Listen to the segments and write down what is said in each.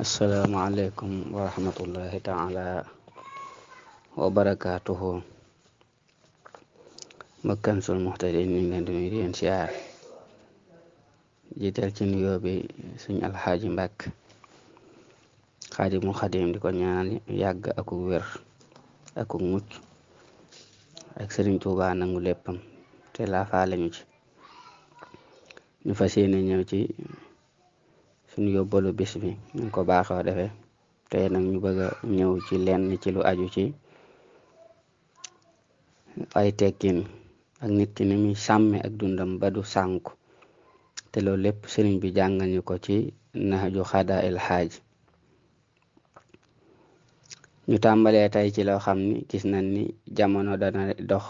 asalaamaaleykum wa rahmatullahi taala wa barakaatuhu bakkan sul muhtadin ñu ngi di nuyu di leen jiital ci nuyoo bi suñ alxaaji mbàkk xaadimul xadim di ko ñaan yàgg aku wér aku mucc ak sëriñ tuuba nangu léppam te laafaale ñu ci ñu fas yéene ñëw ci suñu yóbbalu bis bi ko baaxoo defee te nag ñu bëgg a ñëw ci lenn ci lu aju ci ay tekkin ak nit ni muy sàmme ak dundam ba du sànku te loolu lépp sëriñ bi jàngal ñu ko ci nahju xada il xaaj ñu tàmbalee tey ci loo xam ni gis nañ ni jamono dana dox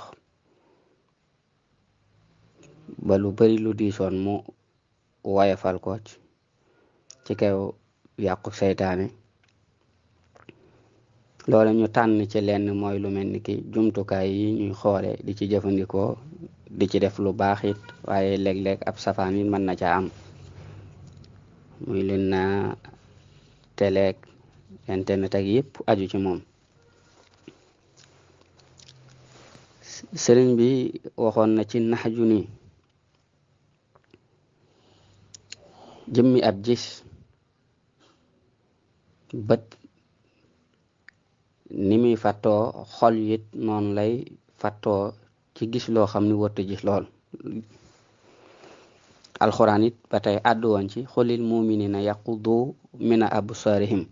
balu lu bari lu diisoon mu woyofal ko ci kaw yàqu seytaane loolu ñu tànn ci lenn mooy lu mel ni ki jumtukaay yi ñuy xoole di ci jëfandikoo di ci def lu baax it waaye léeg-léeg ab safaan it mën na ca am muy lin na teleeg internet ak yëpp aju ci moom sëriñ bi waxoon na ci nax ju ni jëmmi ab gis bët ni muy fàttoo xol it noonu lay fatto ci gis loo xam ni wërta ji lool alxuraanit ba ba tey àddu woon ci xulil muminina yaqudu mina absarihim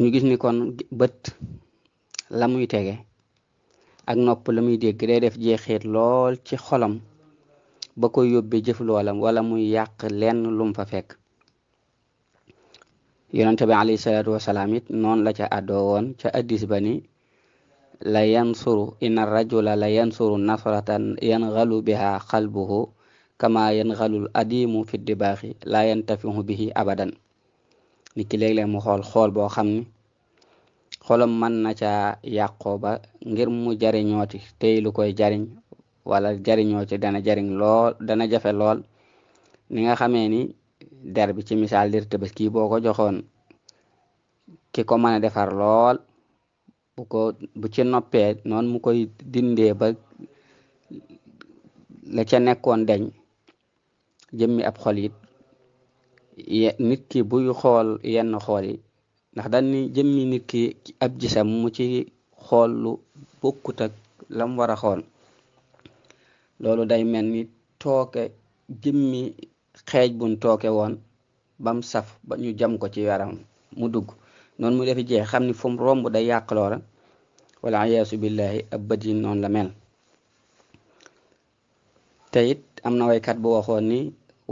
ñu gis ni kon bët la muy tege ak nopp la muy dégg day def jeexeet lool ci xolam ba koy yóbbee jëf wala muy yàq lenn lum fa fekk yonente bi alayhi salaatu it noonu la ca àddoo woon ca addis ba ni la yansuru inna rajula la yansuru nasratan yanxalu biha xalbuhu kama yanxalul adimu fi dibaaxi la yantafihu bihi abadan nit ki léeg mu xool xool boo xam ni xolam mën na ca yàqoo ba ngir mu jariñooti tey lu koy jariñ wala jariñoo ci dana jariñ lool dana jafe lool ni nga xamee ni der bi ci misaal dir tëbës boo ko joxoon ki ko mën a defar lool bu ko bu ci noppee noon mu koy dindee ba la ca nekkoon deñ jëmmi ab xol it nit ki buy xool yenn xool yi ndax dañ ni jëmmi nit ki ab gisam mu ci xool lu bokkut ak lam war a xool loolu day mel ni tooke jëmmi xeej buñ tooke woon bam saf ba ñu jam ko ci yaram mu dugg noonu mu defi jeex xam ni fu romb day yàq wala ayaasu billahi ab bët la mel te it am na waykat bu waxoon ni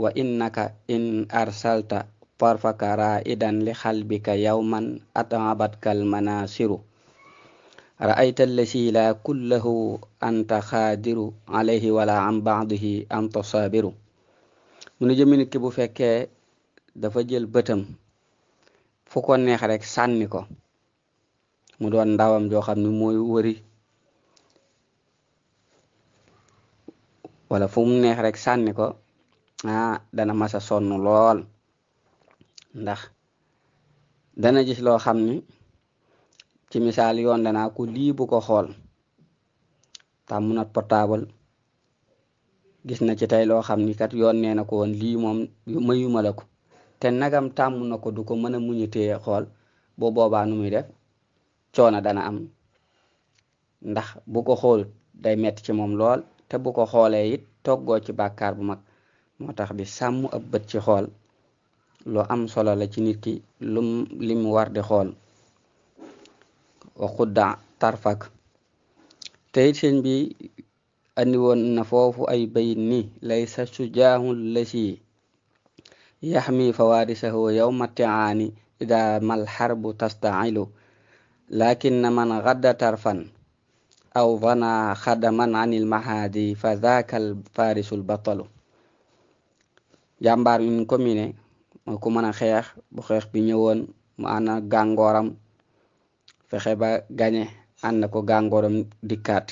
wa innaka in arsalta parfaka raidan li xalbika yawman atabatkal manasiru raayta allasi laa kullahu anta xaadiru alayhi wala an baadihi anta saabiru mu ne jëmi nit ki bu fekkee dafa jël bëtam fu ko neex rek sànni ko mu doon ndawam joo xam ne mooy wëri wala fu mu neex rek sànni ko ah dana masa sonn lool ndax dana gis loo xam ni ci misaal yoon danaa ko lii bu ko xool tàmm na portable gis na ci tey loo xam ni kat yoon nee na ko woon lii moom mayuma la ko te nagam tàmm na ko du ko mën a muñu téye xool boo boobaa nu muy def coono dana am ndax bu ko xool day metti ci moom lool te bu ko xoolee it toggoo ci bàkkaar bu mag moo tax di sàmm ab ci xool loo am solo la ci nit ki lum lim war di xool وخدع طرفك تيتين بي أني ونفوف أي بيني ليس شجاه الذي يحمي فوارسه يوم التعاني إذا ما الحرب تستعيل لكن من غدا طرفا أو ظنى خدما عن المهادي فذاك الفارس البطل jàmbaar من ni ko mi ne mooy ku mën a xeex fexe ba gañe ànd ko gàngooram dikkaat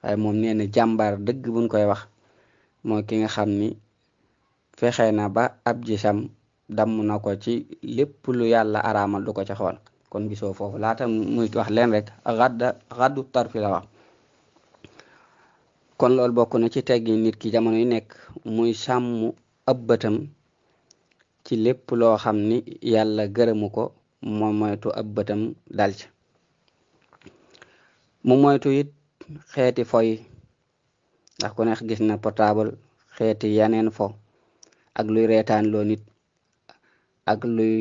waaye moom nee na jàmbaar dëgg buñ koy wax mooy ki nga xam ni fexe na ba ab jisam damm na ko ci lépp lu yàlla araamal du ko ca xool kon gisoo foofu laata muy wax leen rek xadda xaddu tarfi wax kon loolu bokk na ci teggi nit ki jamono yu nekk muy sàmm ab ci lépp loo xam ni yàlla gërëmu ko moom moytu ab bëtam dal mu moytu it xeeti fo yi ndax ku ne gis na portable xeeti yaneen fo ak luy reetaan loo nit ak luy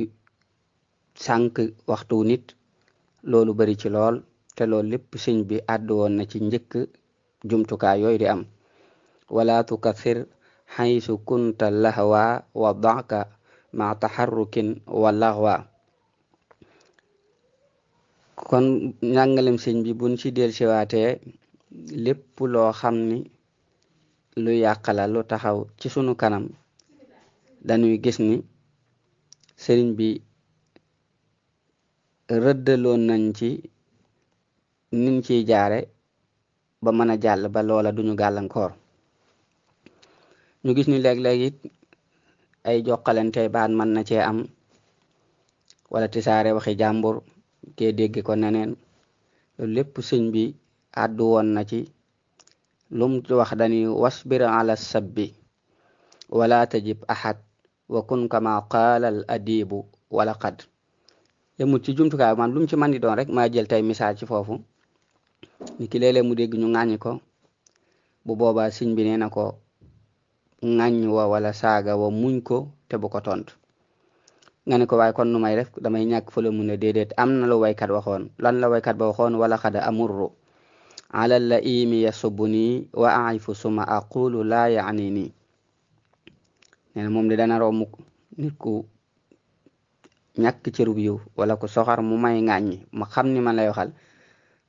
sànq waxtu nit loolu bari ci lool te loolu lépp sëñ bi àddu woon na ci njëkk jumtukaay yooyu di am wala tukathir xaysu kunta lahwa wa daka ma taxarrukin wa laxwa kon njàngalem sëñ bi buñ ci dellusiwaatee lépp loo xam ni lu yàqala lu taxaw ci sunu kanam dañuy gis ni sëriñ bi rëddaloon nañ ci niñ ciy jaare ba mën a jàll ba loola duñu gàllankoor ñu gis ni léeg-léeg it ay jokkalante baat mën na cee am wala tisaare waxi jàmbur ke dégg ko neneen loolu lépp sëñ bi àddu woon na ci lum wax dani wasbir ala sabbi wala tajib ahad wa kun kama qala al adibu wala qad yemu ci jumtukaay man lum ci man di doon rek maa jël tey misaal ci foofu ni ki léeg mu dégg ñu ŋàññi ko bu boobaa sëñ bi nee na ko ŋàññi wa wala saaga wa muñ ko te bu ko tontu nga ne ko waaye kon nu may def damay ñàkk fële mu ne déedéet am na lu waykat waxoon lan la waykat ba waxoon wala xada amurru ala la imi yasubu nii wa aifu suma aqulu laa yaani nii nee na moom de dana romb nit ku ñàkk cërub yiw wala ku soxar mu may ŋàññi ma xam ni man lay waxal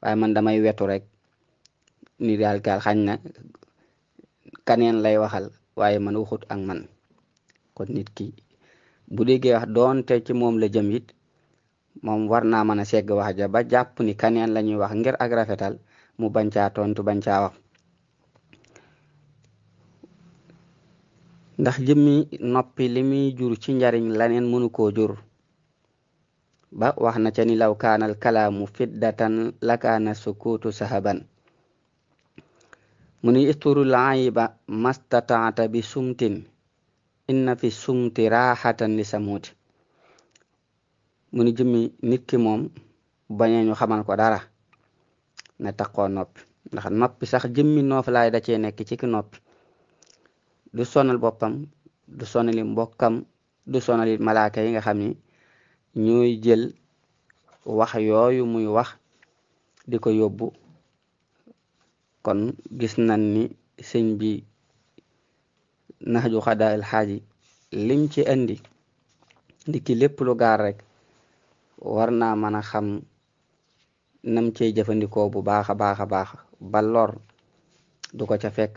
waaye man damay wetu rek ni daal gaal xañ na kaneen lay waxal waaye man waxut ak man kon nit ki bu déggee wax doonte ci moom la jëm it moom war naa mën a segg wax ja ba jàpp ni kaneen la wax ngir ak rafetal mu bancaa tontu bancaa wax ndax jëmmi noppi li muy jur ci njariñ laneen mënu koo jur ba wax na ca ni law kaanal kalaamu fiddatan lakaana sukuutu sahaban mu ni isturu laayiba mastataata bi sumtin inna fi sumti raaxatan li samuuti mu ni jëmmi nit ki moom bañee ñu xamal ko dara na taxoo noppi ndax noppi sax jëmmi nooflaay da cee nekk ci ki noppi du sonal boppam du sonali mbokkam du sonali malaaka yi nga xam ni ñooy jël wax yooyu muy wax di ko yóbbu kon gis nañ ni sëñ bi naxju xadaa kada xaaji lim ci indi ndiki lépp lu gaar rek war naa mën a xam nam cey jëfandikoo bu baax a baax a baax ba du ko ca fekk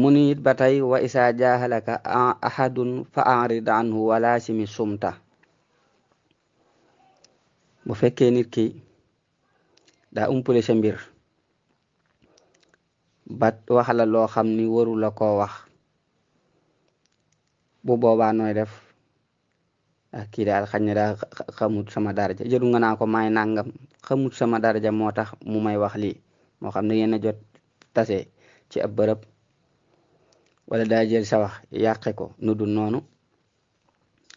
mu ni ba tey wa isaa jaahalaka ahadun fa arid anhu wala simi sumta bu fekkee nit ki daa ca mbir ba waxala loo xam ni warula la koo wax bu boobaa nooy def ah, kii daal xañ na daal xamut sama daraja jëru nga naa ko may nangam xamut sama daraja moo tax mu may wax li moo xam ne yéen a jot tase ci ab bërëb wala daa jël sa wax ko nu dul noonu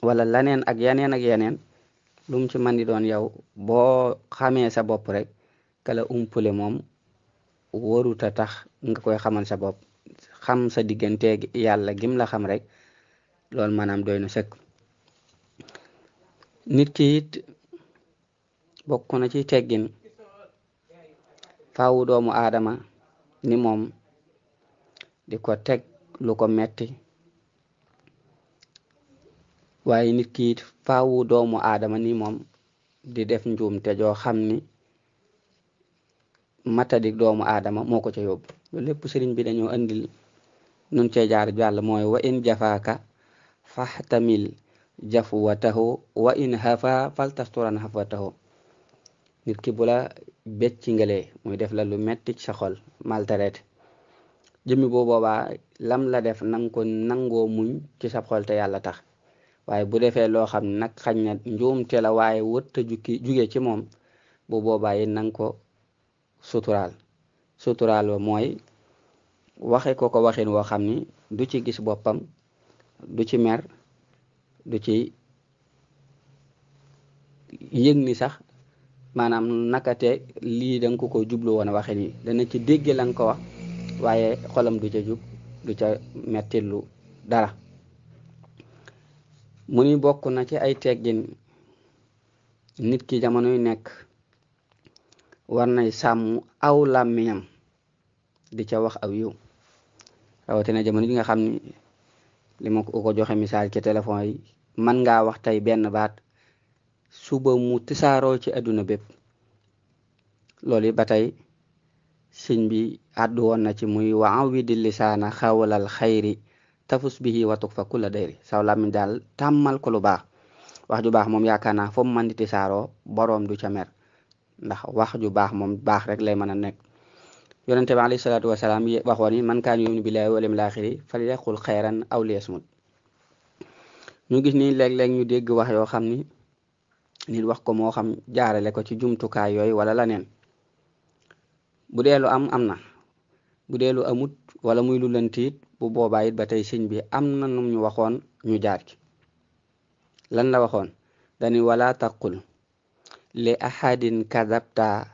wala laneen ak yeneen ak yeneen lum ci man di doon yow boo xamee sa bopp rek kala umpule moom waruta tax nga koy xamal sa bopp xam sa digganteeg yàlla gim la xam rek loolu maanaam doy na sëkk nit ki it bokk na ci teggin faawu doomu aadama ni moom di ko teg lu ko metti waaye nit ki it faawu doomu ni moom di def njuum te xam ni matadik doomu aadama moo ko ca yóbbu loolu lépp sëriñ bi dañoo andil nun cee jaar jàll mooy wa in jafaaka faxtamil jafuwatahu wa in hafa faltasturan hafatahu nit ki bu la becci ngalee muy def la lu metti sa xol maltraite jëmmi boo boobaa lam la def nang ko nangoo muñ ci sa xol te yàlla tax waaye bu defee loo xam nag xañ na waaye wëtta jugee ci moom bu boobaa yi nang suturaal suturaal wa mooy waxe ko ko waxin woo xam ni du ci gis boppam du ci mer du ci yëg ni sax maanaam nakate lii da ko ko jublu woon waxin yi dana ci dégge la ko wax waaye xolam du ca jub du ca mettilu dara mu ni bokk na ci ay teggin nit ki jamonoy nekk war nay sàmm aw làmmiñam di ca wax aw yiw rawatina jamono yi nga xam ni li ma joxe misaal ci téléphone yi man ngaa wax tey benn baat suba mu tisaaroo ci àdduna bépp loolu ba tey sëñ bi àddu woon na ci muy wi waawidi lisaana xawlal xayri tafus bihi watuk fa kula dayri saw lami daal tàmmal ko lu baax wax ju baax moom yaakaar naa foofu man di tisaaroo boroom du ca mer ndax wax ju baax moom baax rek lay mën a nekk yonente bi alayhi salaatu wasalaam waxoon ni man kaa kaan yuminu billaahi wal yawmil aaxiri falyaqul xayran aw liyasmut ñu gis ni léeg-léeg ñu dégg wax yoo xam ni nit wax ko moo xam jaarale ko ci jumtukaay yooyu wala la neen bu deelu am am na bu dee lu amut wala muy lu lëntiit bu boobaa it ba tey siñ bi am na nu ñu waxoon ñu jaar ci lan la waxoon dani wala taqul li ahadin kadabta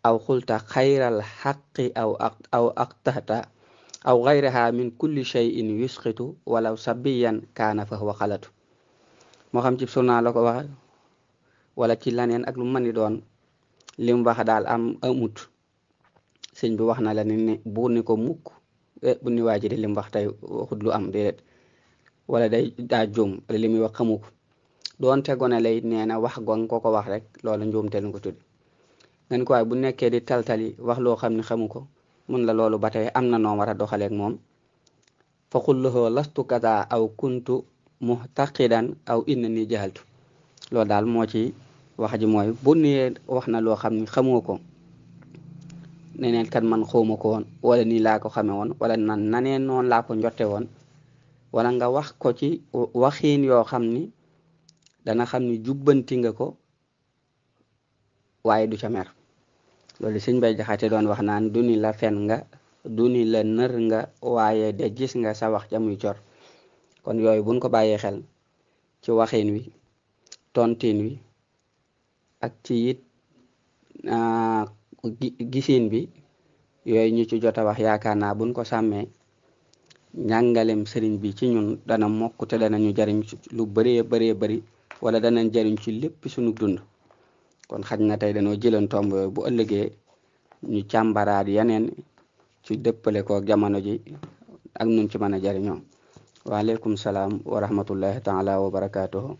aw xulta xayral xaqi aw ak aw aktata aw gayraha min kulli shay'in yusqitu walaw sabiyan kaana fa huwa moo xam ci sunna la ko wax wala ci laneen ak lu mën ni doon li mu daal am amut sëñ bi wax na la ne bu ko mukk eh, bu ni waaji de li mu wax tey waxut lu wala day daa juum li muy wax xamu doonte gone lay nee na wax gon ko ko wax rek loola njuumte lu ko tudde nga ko waaye bu nekkee di taltali wax loo xam ne xamu ko mun la loolu ba tey am na noo war a doxaleeg moom fa qul lahu lastu kaza aw kuntu muhtaqidan aw inna ni jahaltu loolu daal moo ci wax ji mooy bu nee wax na loo xam ne xamoo ko neneen kat man xawma ko woon wala nii laa ko xame woon wala nan naneen noonu laa ko njotte woon wala nga wax ko waxiin yoo xam ni dana xam ni jubbanti nga ko waaye du ca mer loolu sëñ bay jaxate doon wax naan du ni la fen nga du ni la nër nga waaye de gis nga sa wax ja muy cor kon yooyu buñ ko bàyyee xel ci waxin wi tontin wi ak ci it ah, gisin bi yooyu ñu ci jot a wax yaakaar naa buñ ko sàmmee njàngalem sëriñ bi ci ñun dana mokk te dana ñu jariñ lu bëree bëree bëri wala danañ jariñ ci lépp suñu dund kon xaj na tey dañoo jëloon tomb yooyu bu ëllëgee ñu càmbaraat yeneen ci dëppale ko jamono ji ak nun ci mën a jariñoo waaleykum salaam wa rahmatullahi taala wa barakaatuhu